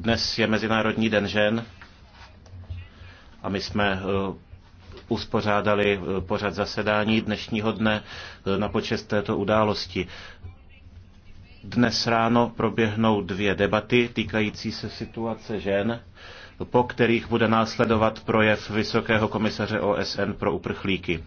Dnes je Mezinárodní den žen a my jsme eh, uspořádali eh, pořad zasedání dnešního dne eh, na počest této události. Dnes ráno proběhnou dvě debaty týkající se situace žen, po kterých bude následovat projev Vysokého komisaře OSN pro uprchlíky.